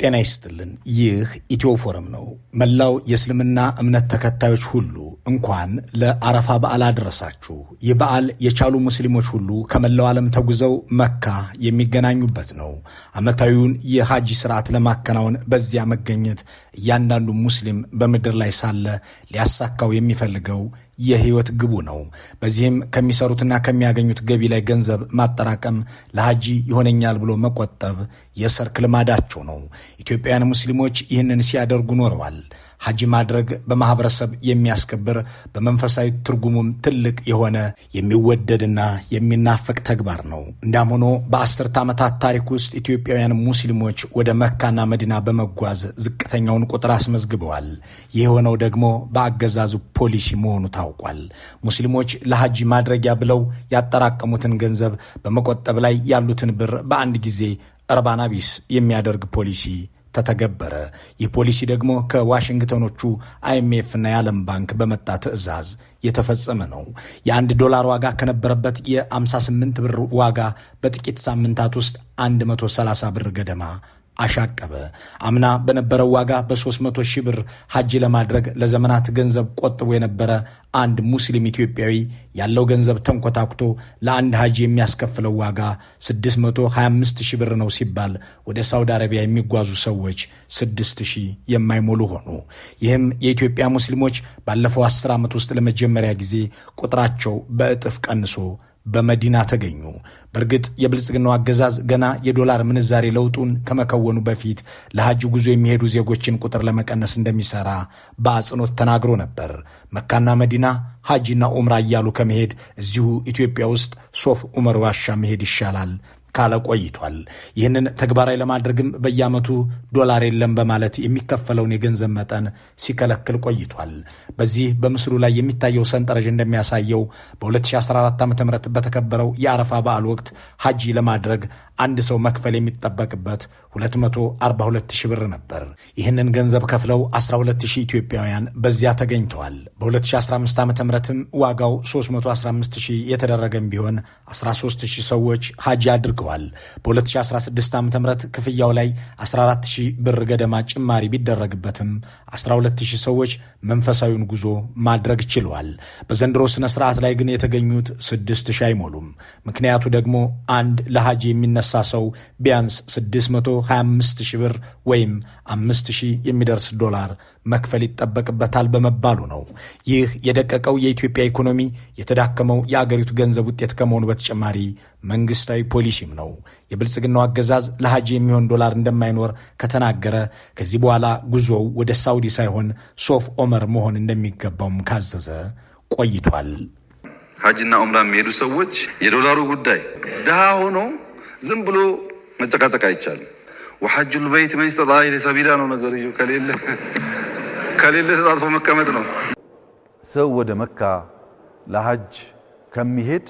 ጤና ይስጥልን። ይህ ኢትዮ ፎረም ነው። መላው የእስልምና እምነት ተከታዮች ሁሉ እንኳን ለአረፋ በዓል አደረሳችሁ። ይህ በዓል የቻሉ ሙስሊሞች ሁሉ ከመላው ዓለም ተጉዘው መካ የሚገናኙበት ነው። ዓመታዊውን የሐጂ ስርዓት ለማከናወን በዚያ መገኘት እያንዳንዱ ሙስሊም በምድር ላይ ሳለ ሊያሳካው የሚፈልገው የህይወት ግቡ ነው። በዚህም ከሚሰሩትና ከሚያገኙት ገቢ ላይ ገንዘብ ማጠራቀም ለሐጂ ይሆነኛል ብሎ መቆጠብ የሰርክ ልማዳቸው ነው። ኢትዮጵያውያን ሙስሊሞች ይህንን ሲያደርጉ ኖረዋል። ሐጂ ማድረግ በማኅበረሰብ የሚያስከብር በመንፈሳዊ ትርጉሙም ትልቅ የሆነ የሚወደድና የሚናፈቅ ተግባር ነው። እንዳም ሆኖ በአስርተ ዓመታት ታሪክ ውስጥ ኢትዮጵያውያን ሙስሊሞች ወደ መካና መዲና በመጓዝ ዝቅተኛውን ቁጥር አስመዝግበዋል። ይህ የሆነው ደግሞ በአገዛዙ ፖሊሲ መሆኑ ታውቋል። ሙስሊሞች ለሐጂ ማድረጊያ ብለው ያጠራቀሙትን ገንዘብ በመቆጠብ ላይ ያሉትን ብር በአንድ ጊዜ እርባና ቢስ የሚያደርግ ፖሊሲ ተተገበረ። ይህ ፖሊሲ ደግሞ ከዋሽንግተኖቹ አይኤምኤፍና የዓለም ባንክ በመጣ ትዕዛዝ የተፈጸመ ነው። የአንድ ዶላር ዋጋ ከነበረበት የ58 ብር ዋጋ በጥቂት ሳምንታት ውስጥ 130 ብር ገደማ አሻቀበ። አምና በነበረው ዋጋ በ300 ሺህ ብር ሐጅ ለማድረግ ለዘመናት ገንዘብ ቆጥቦ የነበረ አንድ ሙስሊም ኢትዮጵያዊ ያለው ገንዘብ ተንኮታኩቶ ለአንድ ሐጅ የሚያስከፍለው ዋጋ 625 ሺህ ብር ነው ሲባል ወደ ሳውዲ አረቢያ የሚጓዙ ሰዎች 6 ሺህ የማይሞሉ ሆኑ። ይህም የኢትዮጵያ ሙስሊሞች ባለፈው 10 ዓመት ውስጥ ለመጀመሪያ ጊዜ ቁጥራቸው በእጥፍ ቀንሶ በመዲና ተገኙ። በእርግጥ የብልጽግናው አገዛዝ ገና የዶላር ምንዛሬ ለውጡን ከመከወኑ በፊት ለሐጅ ጉዞ የሚሄዱ ዜጎችን ቁጥር ለመቀነስ እንደሚሰራ በአጽንኦት ተናግሮ ነበር። መካና መዲና ሐጂና ኡምራ እያሉ ከመሄድ እዚሁ ኢትዮጵያ ውስጥ ሶፍ ዑመር ዋሻ መሄድ ይሻላል ካለ ቆይቷል። ይህንን ተግባራዊ ለማድረግም በየዓመቱ ዶላር የለም በማለት የሚከፈለውን የገንዘብ መጠን ሲከለክል ቆይቷል። በዚህ በምስሉ ላይ የሚታየው ሰንጠረዥ እንደሚያሳየው በ2014 ዓ ም በተከበረው የአረፋ በዓል ወቅት ሐጂ ለማድረግ አንድ ሰው መክፈል የሚጠበቅበት 242 ሺህ ብር ነበር። ይህንን ገንዘብ ከፍለው 12 ሺህ ኢትዮጵያውያን በዚያ ተገኝተዋል። በ2015 ዓ ምትም ዋጋው 315 ሺህ የተደረገም ቢሆን 13 ሺህ ሰዎች ሐጂ አድርገ ተዘግቧል። በ2016 ዓ ም ክፍያው ላይ 140 ብር ገደማ ጭማሪ ቢደረግበትም 120 ሰዎች መንፈሳዊውን ጉዞ ማድረግ ችለዋል። በዘንድሮ ስነ ስርዓት ላይ ግን የተገኙት ስድስት አይሞሉም። ምክንያቱ ደግሞ አንድ ለሐጅ የሚነሳ ሰው ቢያንስ 625 ሺህ ብር ወይም 5 ሺህ የሚደርስ ዶላር መክፈል ይጠበቅበታል በመባሉ ነው። ይህ የደቀቀው የኢትዮጵያ ኢኮኖሚ የተዳከመው የአገሪቱ ገንዘብ ውጤት ከመሆኑ በተጨማሪ መንግስታዊ ፖሊሲ ሐጂም ነው። የብልጽግናው አገዛዝ ለሐጂ የሚሆን ዶላር እንደማይኖር ከተናገረ ከዚህ በኋላ ጉዞው ወደ ሳውዲ ሳይሆን ሶፍ ኦመር መሆን እንደሚገባውም ካዘዘ ቆይቷል። ሐጅና ኦምራ የሚሄዱ ሰዎች የዶላሩ ጉዳይ ድሃ ሆኖ ዝም ብሎ መጨቃጨቅ አይቻልም። ወሐጁ ልበይት መንስተጣ ሰቢላ ነው ነገርዩ ከሌለ ተጣጥፎ መቀመጥ ነው። ሰው ወደ መካ ለሐጅ ከሚሄድ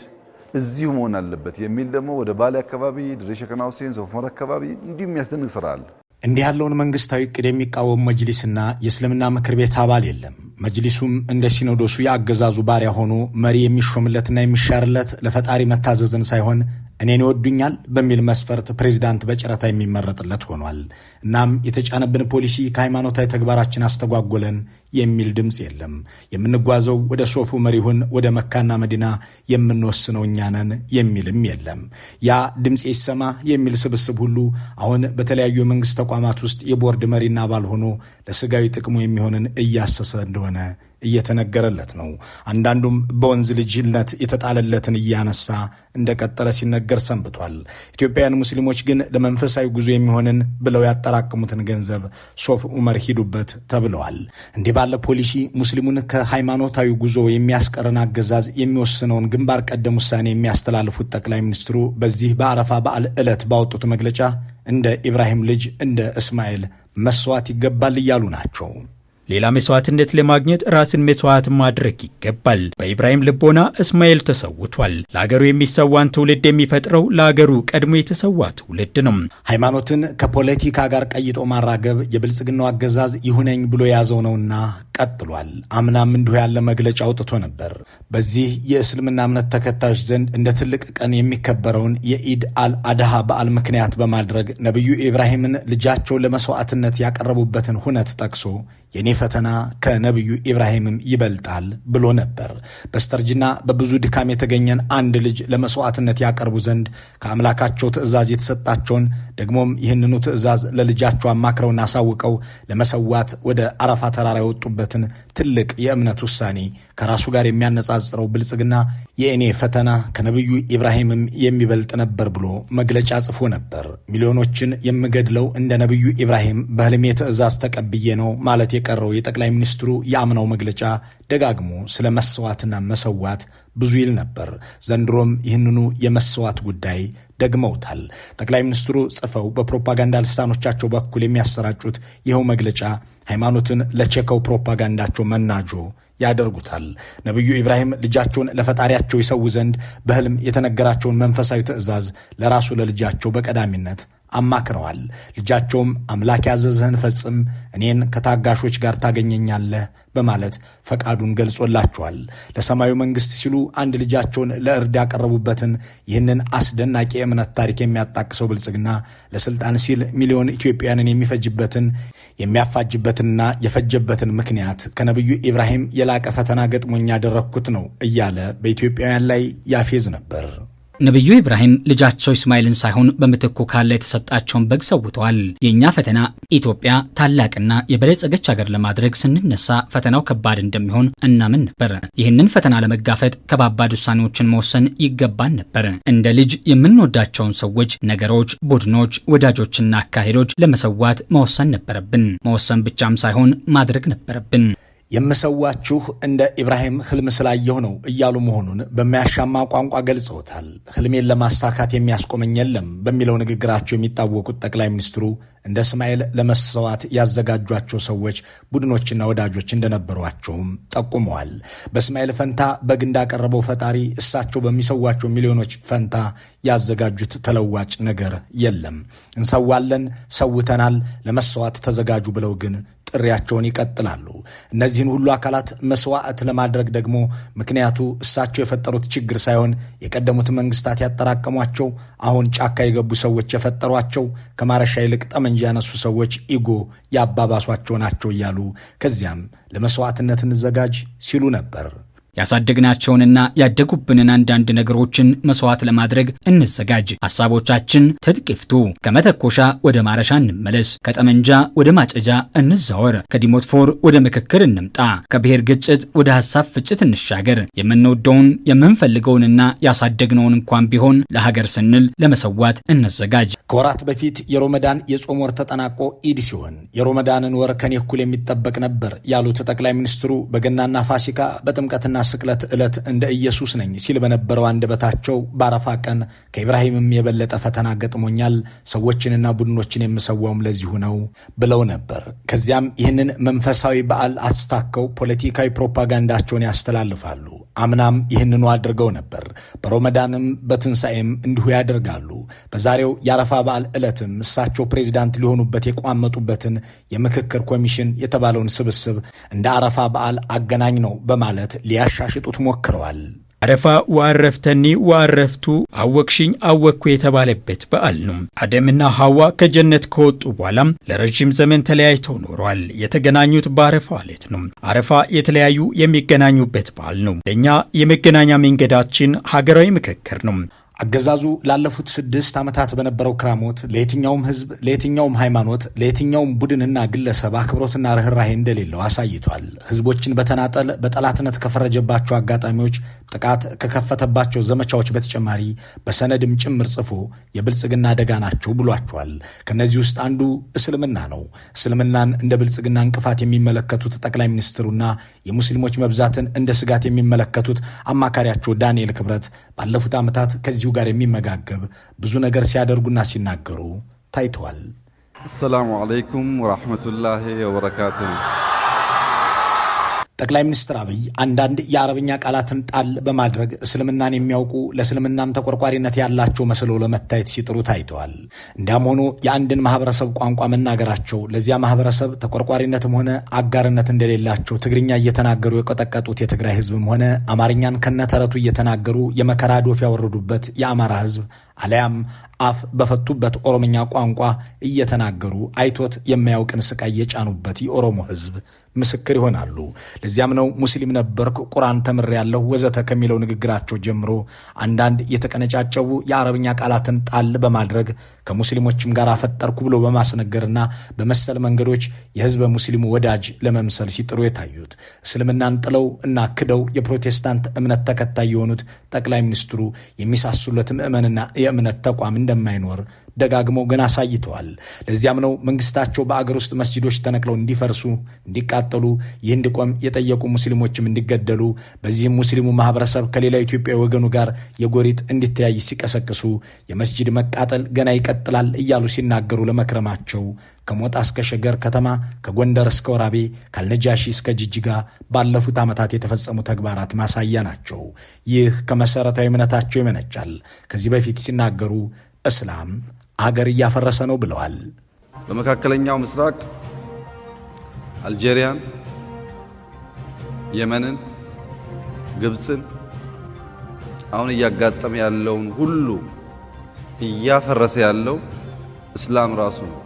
እዚሁ መሆን አለበት የሚል ደግሞ ወደ ባሌ አካባቢ ድሬ ሸከና ሁሴን ሶፎመር አካባቢ እንዲሁ የሚያስደንቅ ስራ አለ። እንዲህ ያለውን መንግስታዊ እቅድ የሚቃወም መጅሊስና የእስልምና ምክር ቤት አባል የለም። መጅሊሱም እንደ ሲኖዶሱ የአገዛዙ ባሪያ ሆኖ መሪ የሚሾምለትና የሚሻርለት ለፈጣሪ መታዘዝን ሳይሆን እኔን ይወዱኛል በሚል መስፈርት ፕሬዚዳንት በጨረታ የሚመረጥለት ሆኗል። እናም የተጫነብን ፖሊሲ ከሃይማኖታዊ ተግባራችን አስተጓጎለን የሚል ድምፅ የለም። የምንጓዘው ወደ ሶፉ መሪሁን ወደ መካና መዲና የምንወስነው እኛነን የሚልም የለም። ያ ድምፅ ይሰማ የሚል ስብስብ ሁሉ አሁን በተለያዩ መንግስት ተቋማት ውስጥ የቦርድ መሪና አባል ሆኖ ለስጋዊ ጥቅሙ የሚሆንን እያሰሰ እንደሆነ እየተነገረለት ነው። አንዳንዱም በወንዝ ልጅነት የተጣለለትን እያነሳ እንደቀጠለ ሲነገር ሰንብቷል። ኢትዮጵያውያን ሙስሊሞች ግን ለመንፈሳዊ ጉዞ የሚሆንን ብለው ያጠራቀሙትን ገንዘብ ሶፍ ዑመር ሂዱበት ተብለዋል። እንዲህ ባለ ፖሊሲ ሙስሊሙን ከሃይማኖታዊ ጉዞ የሚያስቀርን አገዛዝ የሚወስነውን ግንባር ቀደም ውሳኔ የሚያስተላልፉት ጠቅላይ ሚኒስትሩ በዚህ በአረፋ በዓል ዕለት ባወጡት መግለጫ እንደ ኢብራሂም ልጅ እንደ እስማኤል መስዋዕት ይገባል እያሉ ናቸው። ሌላ መስዋዕትነት ለማግኘት ራስን መስዋዕት ማድረግ ይገባል። በኢብራሂም ልቦና እስማኤል ተሰውቷል። ለሀገሩ የሚሰዋን ትውልድ የሚፈጥረው ለሀገሩ ቀድሞ የተሰዋ ትውልድ ነው። ሃይማኖትን ከፖለቲካ ጋር ቀይጦ ማራገብ የብልጽግናው አገዛዝ ይሁነኝ ብሎ የያዘው ነውና ቀጥሏል። አምናም እንዲሁ ያለ መግለጫ አውጥቶ ነበር። በዚህ የእስልምና እምነት ተከታዮች ዘንድ እንደ ትልቅ ቀን የሚከበረውን የኢድ አል በዓል ምክንያት በማድረግ ነቢዩ ኢብራሂምን ልጃቸውን ለመስዋዕትነት ያቀረቡበትን ሁነት ጠቅሶ የኔ ፈተና ከነቢዩ ኢብራሂምም ይበልጣል ብሎ ነበር። በስተርጅና በብዙ ድካም የተገኘን አንድ ልጅ ለመስዋዕትነት ያቀርቡ ዘንድ ከአምላካቸው ትእዛዝ የተሰጣቸውን ደግሞም ይህንኑ ትእዛዝ ለልጃቸው አማክረውና አሳውቀው ለመሰዋት ወደ አረፋ ተራራ የወጡበት ያለበትን ትልቅ የእምነት ውሳኔ ከራሱ ጋር የሚያነጻጽረው ብልጽግና የእኔ ፈተና ከነቢዩ ኢብራሂምም የሚበልጥ ነበር ብሎ መግለጫ ጽፎ ነበር። ሚሊዮኖችን የምገድለው እንደ ነቢዩ ኢብራሂም በህልሜ ትእዛዝ ተቀብዬ ነው ማለት የቀረው የጠቅላይ ሚኒስትሩ የአምናው መግለጫ ደጋግሞ ስለ መሰዋትና መሰዋት ብዙ ይል ነበር። ዘንድሮም ይህንኑ የመሰዋት ጉዳይ ደግመውታል። ጠቅላይ ሚኒስትሩ ጽፈው በፕሮፓጋንዳ ልሳኖቻቸው በኩል የሚያሰራጩት ይኸው መግለጫ ሃይማኖትን ለቼከው ፕሮፓጋንዳቸው መናጆ ያደርጉታል። ነቢዩ ኢብራሂም ልጃቸውን ለፈጣሪያቸው ይሰው ዘንድ በህልም የተነገራቸውን መንፈሳዊ ትእዛዝ ለራሱ ለልጃቸው በቀዳሚነት አማክረዋል። ልጃቸውም አምላክ ያዘዘህን ፈጽም፣ እኔን ከታጋሾች ጋር ታገኘኛለህ በማለት ፈቃዱን ገልጾላቸዋል። ለሰማዩ መንግስት ሲሉ አንድ ልጃቸውን ለእርድ ያቀረቡበትን ይህንን አስደናቂ የእምነት ታሪክ የሚያጣቅሰው ብልጽግና ለስልጣን ሲል ሚሊዮን ኢትዮጵያንን የሚፈጅበትን የሚያፋጅበትንና የፈጀበትን ምክንያት ከነቢዩ ኢብራሂም የላቀ ፈተና ገጥሞኝ ያደረግኩት ነው እያለ በኢትዮጵያውያን ላይ ያፌዝ ነበር። ነቢዩ ኢብራሂም ልጃቸው እስማኤልን ሳይሆን በምትኩ ካለ የተሰጣቸውን በግ ሰውተዋል። የእኛ ፈተና ኢትዮጵያ ታላቅና የበለጸገች ሀገር ለማድረግ ስንነሳ ፈተናው ከባድ እንደሚሆን እናምን ነበር። ይህንን ፈተና ለመጋፈጥ ከባባድ ውሳኔዎችን መወሰን ይገባን ነበር። እንደ ልጅ የምንወዳቸውን ሰዎች፣ ነገሮች፣ ቡድኖች፣ ወዳጆችና አካሄዶች ለመሰዋት መወሰን ነበረብን። መወሰን ብቻም ሳይሆን ማድረግ ነበረብን። የምሰዋችሁ እንደ ኢብራሂም ህልም ስላየሁ ነው እያሉ መሆኑን በሚያሻማ ቋንቋ ገልጸውታል። ህልሜን ለማሳካት የሚያስቆመኝ የለም በሚለው ንግግራቸው የሚታወቁት ጠቅላይ ሚኒስትሩ እንደ እስማኤል ለመሰዋት ያዘጋጇቸው ሰዎች ቡድኖችና ወዳጆች እንደነበሯቸውም ጠቁመዋል። በእስማኤል ፈንታ በግ እንዳቀረበው ፈጣሪ እሳቸው በሚሰዋቸው ሚሊዮኖች ፈንታ ያዘጋጁት ተለዋጭ ነገር የለም። እንሰዋለን፣ ሰውተናል፣ ለመሰዋት ተዘጋጁ ብለው ግን ጥሪያቸውን ይቀጥላሉ። እነዚህን ሁሉ አካላት መስዋዕት ለማድረግ ደግሞ ምክንያቱ እሳቸው የፈጠሩት ችግር ሳይሆን የቀደሙት መንግስታት ያጠራቀሟቸው አሁን ጫካ የገቡ ሰዎች የፈጠሯቸው ከማረሻ ይልቅ ጠመንጃ ያነሱ ሰዎች ኢጎ ያባባሷቸው ናቸው እያሉ ከዚያም ለመስዋዕትነት እንዘጋጅ ሲሉ ነበር። ያሳደግናቸውንና ያደጉብንን አንዳንድ ነገሮችን መስዋዕት ለማድረግ እንዘጋጅ። ሐሳቦቻችን ትጥቅ ይፍቱ። ከመተኮሻ ወደ ማረሻ እንመለስ። ከጠመንጃ ወደ ማጨጃ እንዛወር። ከዲሞትፎር ወደ ምክክር እንምጣ። ከብሔር ግጭት ወደ ሐሳብ ፍጭት እንሻገር። የምንወደውን የምንፈልገውንና ያሳደግነውን እንኳን ቢሆን ለሀገር ስንል ለመሰዋት እንዘጋጅ። ከወራት በፊት የሮመዳን የጾም ወር ተጠናቆ ኢድ ሲሆን የሮመዳንን ወር ከኔ እኩል የሚጠበቅ ነበር ያሉት ጠቅላይ ሚኒስትሩ በገናና ፋሲካ በጥምቀትና ስቅለት ዕለት እንደ ኢየሱስ ነኝ ሲል በነበረው አንደበታቸው በአረፋ ቀን ከኢብራሂምም የበለጠ ፈተና ገጥሞኛል፣ ሰዎችንና ቡድኖችን የምሰዋውም ለዚሁ ነው ብለው ነበር። ከዚያም ይህንን መንፈሳዊ በዓል አስታከው ፖለቲካዊ ፕሮፓጋንዳቸውን ያስተላልፋሉ። አምናም ይህንኑ አድርገው ነበር። በሮመዳንም በትንሣኤም እንዲሁ ያደርጋሉ። በዛሬው የአረፋ በዓል ዕለትም እሳቸው ፕሬዚዳንት ሊሆኑበት የቋመጡበትን የምክክር ኮሚሽን የተባለውን ስብስብ እንደ አረፋ በዓል አገናኝ ነው በማለት ሊያ ሊያሻሽጡት ሞክረዋል። አረፋ ዋረፍተኒ ዋረፍቱ አወቅሽኝ አወቅኩ የተባለበት በዓል ነው። አደምና ሐዋ ከጀነት ከወጡ በኋላም ለረዥም ዘመን ተለያይተው ኖረዋል። የተገናኙት በአረፋ ዕለት ነው። አረፋ የተለያዩ የሚገናኙበት በዓል ነው። ለእኛ የመገናኛ መንገዳችን ሀገራዊ ምክክር ነው። አገዛዙ ላለፉት ስድስት ዓመታት በነበረው ክራሞት ለየትኛውም ህዝብ ለየትኛውም ሃይማኖት፣ ለየትኛውም ቡድንና ግለሰብ አክብሮትና ርኅራሄ እንደሌለው አሳይቷል። ህዝቦችን በተናጠል በጠላትነት ከፈረጀባቸው አጋጣሚዎች፣ ጥቃት ከከፈተባቸው ዘመቻዎች በተጨማሪ በሰነድም ጭምር ጽፎ የብልጽግና ደጋ ናቸው ብሏቸዋል። ከእነዚህ ውስጥ አንዱ እስልምና ነው። እስልምናን እንደ ብልጽግና እንቅፋት የሚመለከቱት ጠቅላይ ሚኒስትሩና የሙስሊሞች መብዛትን እንደ ስጋት የሚመለከቱት አማካሪያቸው ዳንኤል ክብረት ባለፉት ዓመታት ከዚሁ ከዚሁ ጋር የሚመጋገብ ብዙ ነገር ሲያደርጉና ሲናገሩ ታይተዋል። አሰላሙ አለይኩም ወራህመቱላሂ ወበረካቱሁ። ጠቅላይ ሚኒስትር አብይ አንዳንድ የአረብኛ ቃላትን ጣል በማድረግ እስልምናን የሚያውቁ ለእስልምናም ተቆርቋሪነት ያላቸው መስለው ለመታየት ሲጥሩ ታይተዋል። እንዲያም ሆኖ የአንድን ማህበረሰብ ቋንቋ መናገራቸው ለዚያ ማህበረሰብ ተቆርቋሪነትም ሆነ አጋርነት እንደሌላቸው ትግርኛ እየተናገሩ የቀጠቀጡት የትግራይ ህዝብም ሆነ አማርኛን ከነተረቱ እየተናገሩ የመከራ ዶፍ ያወረዱበት የአማራ ህዝብ አለያም አፍ በፈቱበት ኦሮምኛ ቋንቋ እየተናገሩ አይቶት የማያውቅን ስቃይ የጫኑበት የኦሮሞ ህዝብ ምስክር ይሆናሉ። ለዚያም ነው ሙስሊም ነበርክ፣ ቁርአን ተምሬያለሁ፣ ወዘተ ከሚለው ንግግራቸው ጀምሮ አንዳንድ የተቀነጫጨቡ የአረብኛ ቃላትን ጣል በማድረግ ከሙስሊሞችም ጋር አፈጠርኩ ብሎ በማስነገርና በመሰል መንገዶች የህዝበ ሙስሊሙ ወዳጅ ለመምሰል ሲጥሩ የታዩት እስልምናን ጥለው እና ክደው የፕሮቴስታንት እምነት ተከታይ የሆኑት ጠቅላይ ሚኒስትሩ የሚሳሱለት ምዕመንና የእምነት ተቋም እንደማይኖር ደጋግመው ግን አሳይተዋል። ለዚያም ነው መንግስታቸው በአገር ውስጥ መስጂዶች ተነቅለው እንዲፈርሱ፣ እንዲቃጠሉ፣ ይህ እንዲቆም የጠየቁ ሙስሊሞችም እንዲገደሉ፣ በዚህም ሙስሊሙ ማህበረሰብ ከሌላ ኢትዮጵያ ወገኑ ጋር የጎሪጥ እንዲተያይ ሲቀሰቅሱ የመስጂድ መቃጠል ገና ይቀጥላል እያሉ ሲናገሩ ለመክረማቸው ከሞጣ እስከ ሸገር ከተማ ከጎንደር እስከ ወራቤ ካልነጃሺ እስከ ጅጅጋ ባለፉት ዓመታት የተፈጸሙ ተግባራት ማሳያ ናቸው። ይህ ከመሠረታዊ እምነታቸው ይመነጫል። ከዚህ በፊት ሲናገሩ እስላም አገር እያፈረሰ ነው ብለዋል። በመካከለኛው ምስራቅ አልጄሪያን፣ የመንን፣ ግብፅን አሁን እያጋጠመ ያለውን ሁሉ እያፈረሰ ያለው እስላም ራሱ ነው።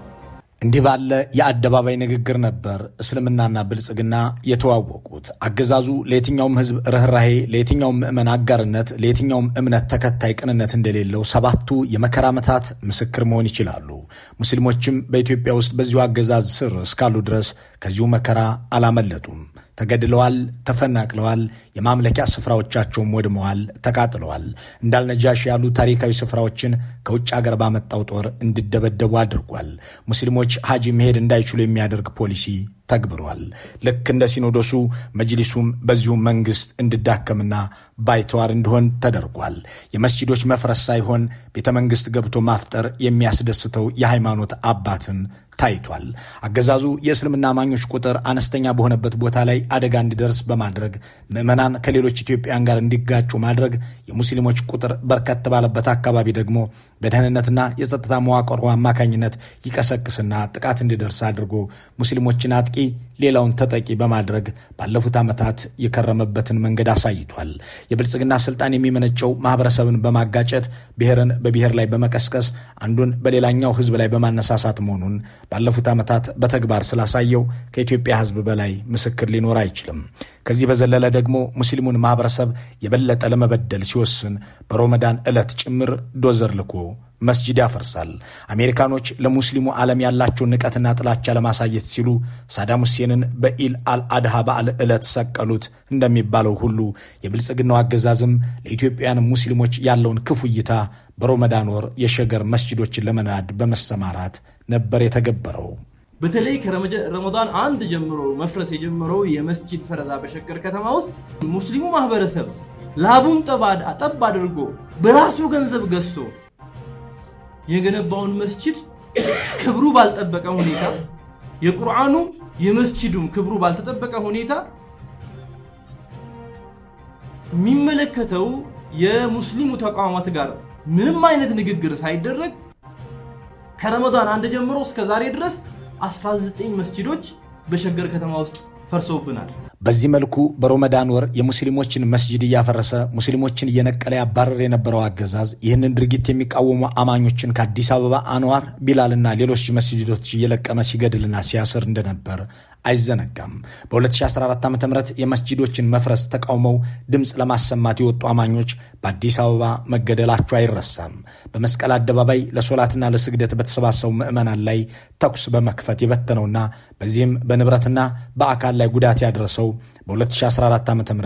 እንዲህ ባለ የአደባባይ ንግግር ነበር እስልምናና ብልጽግና የተዋወቁት። አገዛዙ ለየትኛውም ሕዝብ ርኅራሄ፣ ለየትኛውም ምዕመን አጋርነት፣ ለየትኛውም እምነት ተከታይ ቅንነት እንደሌለው ሰባቱ የመከራ ዓመታት ምስክር መሆን ይችላሉ። ሙስሊሞችም በኢትዮጵያ ውስጥ በዚሁ አገዛዝ ስር እስካሉ ድረስ ከዚሁ መከራ አላመለጡም። ተገድለዋል፣ ተፈናቅለዋል፣ የማምለኪያ ስፍራዎቻቸውም ወድመዋል፣ ተቃጥለዋል። እንዳልነጃሽ ያሉ ታሪካዊ ስፍራዎችን ከውጭ አገር ባመጣው ጦር እንዲደበደቡ አድርጓል። ሙስሊሞች ሐጂ መሄድ እንዳይችሉ የሚያደርግ ፖሊሲ ተግብሯል። ልክ እንደ ሲኖዶሱ መጅሊሱም በዚሁ መንግስት እንድዳከምና ባይተዋር እንዲሆን ተደርጓል። የመስጂዶች መፍረስ ሳይሆን ቤተ መንግስት ገብቶ ማፍጠር የሚያስደስተው የሃይማኖት አባትን ታይቷል። አገዛዙ የእስልምና አማኞች ቁጥር አነስተኛ በሆነበት ቦታ ላይ አደጋ እንዲደርስ በማድረግ ምዕመናን ከሌሎች ኢትዮጵያን ጋር እንዲጋጩ ማድረግ፣ የሙስሊሞች ቁጥር በርከት ባለበት አካባቢ ደግሞ በደህንነትና የጸጥታ መዋቅሩ አማካኝነት ይቀሰቅስና ጥቃት እንዲደርስ አድርጎ ሙስሊሞችን አጥቂ ሌላውን ተጠቂ በማድረግ ባለፉት ዓመታት የከረመበትን መንገድ አሳይቷል። የብልጽግና ስልጣን የሚመነጨው ማህበረሰብን በማጋጨት ብሔርን በብሔር ላይ በመቀስቀስ አንዱን በሌላኛው ህዝብ ላይ በማነሳሳት መሆኑን ባለፉት ዓመታት በተግባር ስላሳየው ከኢትዮጵያ ህዝብ በላይ ምስክር ሊኖር አይችልም። ከዚህ በዘለለ ደግሞ ሙስሊሙን ማህበረሰብ የበለጠ ለመበደል ሲወስን በሮመዳን ዕለት ጭምር ዶዘር ልኮ መስጂድ ያፈርሳል። አሜሪካኖች ለሙስሊሙ ዓለም ያላቸውን ንቀትና ጥላቻ ለማሳየት ሲሉ ሳዳም ሁሴንን በኢል አልአድሃ በዓል ዕለት ሰቀሉት እንደሚባለው ሁሉ የብልጽግናው አገዛዝም ለኢትዮጵያውያን ሙስሊሞች ያለውን ክፉ እይታ በሮመዳን ወር የሸገር መስጂዶችን ለመናድ በመሰማራት ነበር የተገበረው። በተለይ ከረመዳን አንድ ጀምሮ መፍረስ የጀመረው የመስጂድ ፈረዛ በሸገር ከተማ ውስጥ ሙስሊሙ ማህበረሰብ ላቡን ጠብ አድርጎ በራሱ ገንዘብ ገዝቶ የገነባውን መስጂድ ክብሩ ባልጠበቀ ሁኔታ የቁርአኑ የመስጂዱም ክብሩ ባልተጠበቀ ሁኔታ የሚመለከተው የሙስሊሙ ተቋማት ጋር ምንም አይነት ንግግር ሳይደረግ ከረመዳን አንድ ጀምሮ እስከ ዛሬ ድረስ 19 መስጂዶች በሸገር ከተማ ውስጥ ፈርሰውብናል። በዚህ መልኩ በሮመዳን ወር የሙስሊሞችን መስጅድ እያፈረሰ ሙስሊሞችን እየነቀለ ያባረር የነበረው አገዛዝ ይህንን ድርጊት የሚቃወሙ አማኞችን ከአዲስ አበባ አንዋር ቢላልና ሌሎች መስጅዶች እየለቀመ ሲገድልና ሲያስር እንደነበር አይዘነጋም። በ2014 ዓ ም የመስጂዶችን መፍረስ ተቃውመው ድምፅ ለማሰማት የወጡ አማኞች በአዲስ አበባ መገደላቸው አይረሳም። በመስቀል አደባባይ ለሶላትና ለስግደት በተሰባሰቡ ምዕመናን ላይ ተኩስ በመክፈት የበተነውና በዚህም በንብረትና በአካል ላይ ጉዳት ያደረሰው በ2014 ዓ ም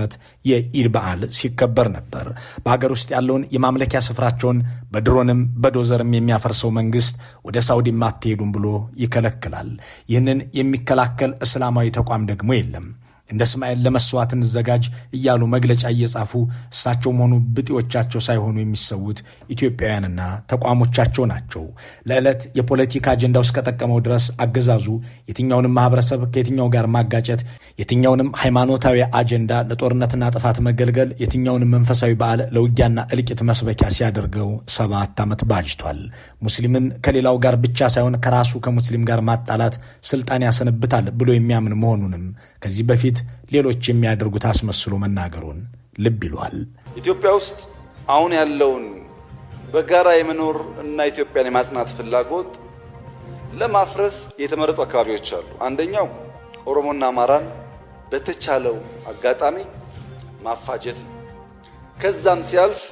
የኢድ በዓል ሲከበር ነበር። በሀገር ውስጥ ያለውን የማምለኪያ ስፍራቸውን በድሮንም በዶዘርም የሚያፈርሰው መንግስት ወደ ሳውዲም አትሄዱም ብሎ ይከለክላል። ይህንን የሚከላከል እስላማዊ ተቋም ደግሞ የለም። እንደ እስማኤል ለመስዋዕት እንዘጋጅ እያሉ መግለጫ እየጻፉ እሳቸውም ሆኑ ብጤዎቻቸው ሳይሆኑ የሚሰዉት ኢትዮጵያውያንና ተቋሞቻቸው ናቸው። ለዕለት የፖለቲካ ውስጥ ከጠቀመው ድረስ አገዛዙ የትኛውንም ማህበረሰብ ከየትኛው ጋር ማጋጨት፣ የትኛውንም ሃይማኖታዊ አጀንዳ ለጦርነትና ጥፋት መገልገል፣ የትኛውንም መንፈሳዊ በዓል ለውጊያና እልቂት መስበኪያ ሲያደርገው ሰባት ዓመት ባጅቷል። ሙስሊምን ከሌላው ጋር ብቻ ሳይሆን ከራሱ ከሙስሊም ጋር ማጣላት ስልጣን ያሰነብታል ብሎ የሚያምን መሆኑንም ከዚህ በፊት ድርጊት ሌሎች የሚያደርጉት አስመስሎ መናገሩን ልብ ይሏል። ኢትዮጵያ ውስጥ አሁን ያለውን በጋራ የመኖር እና ኢትዮጵያን የማጽናት ፍላጎት ለማፍረስ የተመረጡ አካባቢዎች አሉ። አንደኛው ኦሮሞና አማራን በተቻለው አጋጣሚ ማፋጀት ነው። ከዛም ሲያልፍ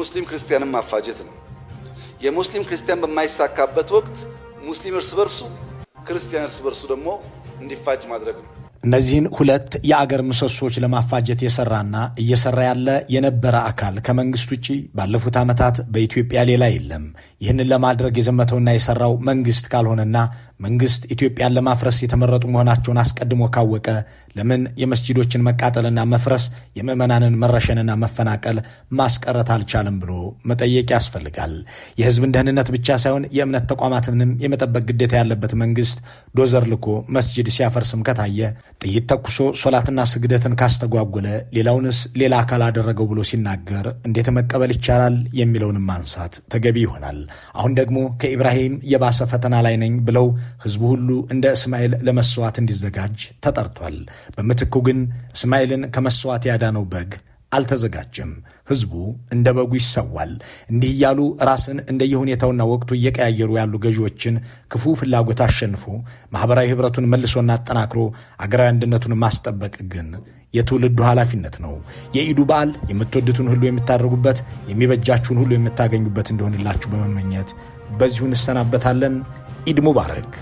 ሙስሊም ክርስቲያንን ማፋጀት ነው። የሙስሊም ክርስቲያን በማይሳካበት ወቅት ሙስሊም እርስ በርሱ ክርስቲያን እርስ በርሱ ደግሞ እንዲፋጅ ማድረግ ነው። እነዚህን ሁለት የአገር ምሰሶች ለማፋጀት የሰራና እየሰራ ያለ የነበረ አካል ከመንግስት ውጭ ባለፉት ዓመታት በኢትዮጵያ ሌላ የለም። ይህንን ለማድረግ የዘመተውና የሰራው መንግስት ካልሆነና መንግስት ኢትዮጵያን ለማፍረስ የተመረጡ መሆናቸውን አስቀድሞ ካወቀ ለምን የመስጂዶችን መቃጠልና መፍረስ የምዕመናንን መረሸንና መፈናቀል ማስቀረት አልቻለም ብሎ መጠየቅ ያስፈልጋል። የህዝብን ደህንነት ብቻ ሳይሆን የእምነት ተቋማትንም የመጠበቅ ግዴታ ያለበት መንግስት ዶዘር ልኮ መስጂድ ሲያፈርስም ከታየ ጥይት ተኩሶ ሶላትና ስግደትን ካስተጓጉለ ሌላውንስ ሌላ አካል አደረገው ብሎ ሲናገር እንዴት መቀበል ይቻላል የሚለውን ማንሳት ተገቢ ይሆናል። አሁን ደግሞ ከኢብራሂም የባሰ ፈተና ላይ ነኝ ብለው ህዝቡ ሁሉ እንደ እስማኤል ለመስዋዕት እንዲዘጋጅ ተጠርቷል። በምትኩ ግን እስማኤልን ከመስዋዕት ያዳነው በግ አልተዘጋጀም። ህዝቡ እንደ በጉ ይሰዋል። እንዲህ እያሉ ራስን እንደየሁኔታውና ወቅቱ እየቀያየሩ ያሉ ገዢዎችን ክፉ ፍላጎት አሸንፎ ማኅበራዊ ኅብረቱን መልሶና አጠናክሮ አገራዊ አንድነቱን ማስጠበቅ ግን የትውልዱ ኃላፊነት ነው። የኢዱ በዓል የምትወዱትን ሁሉ የምታደርጉበት፣ የሚበጃችሁን ሁሉ የምታገኙበት እንደሆንላችሁ በመመኘት በዚሁ እንሰናበታለን። ኢድ ሙባረክ።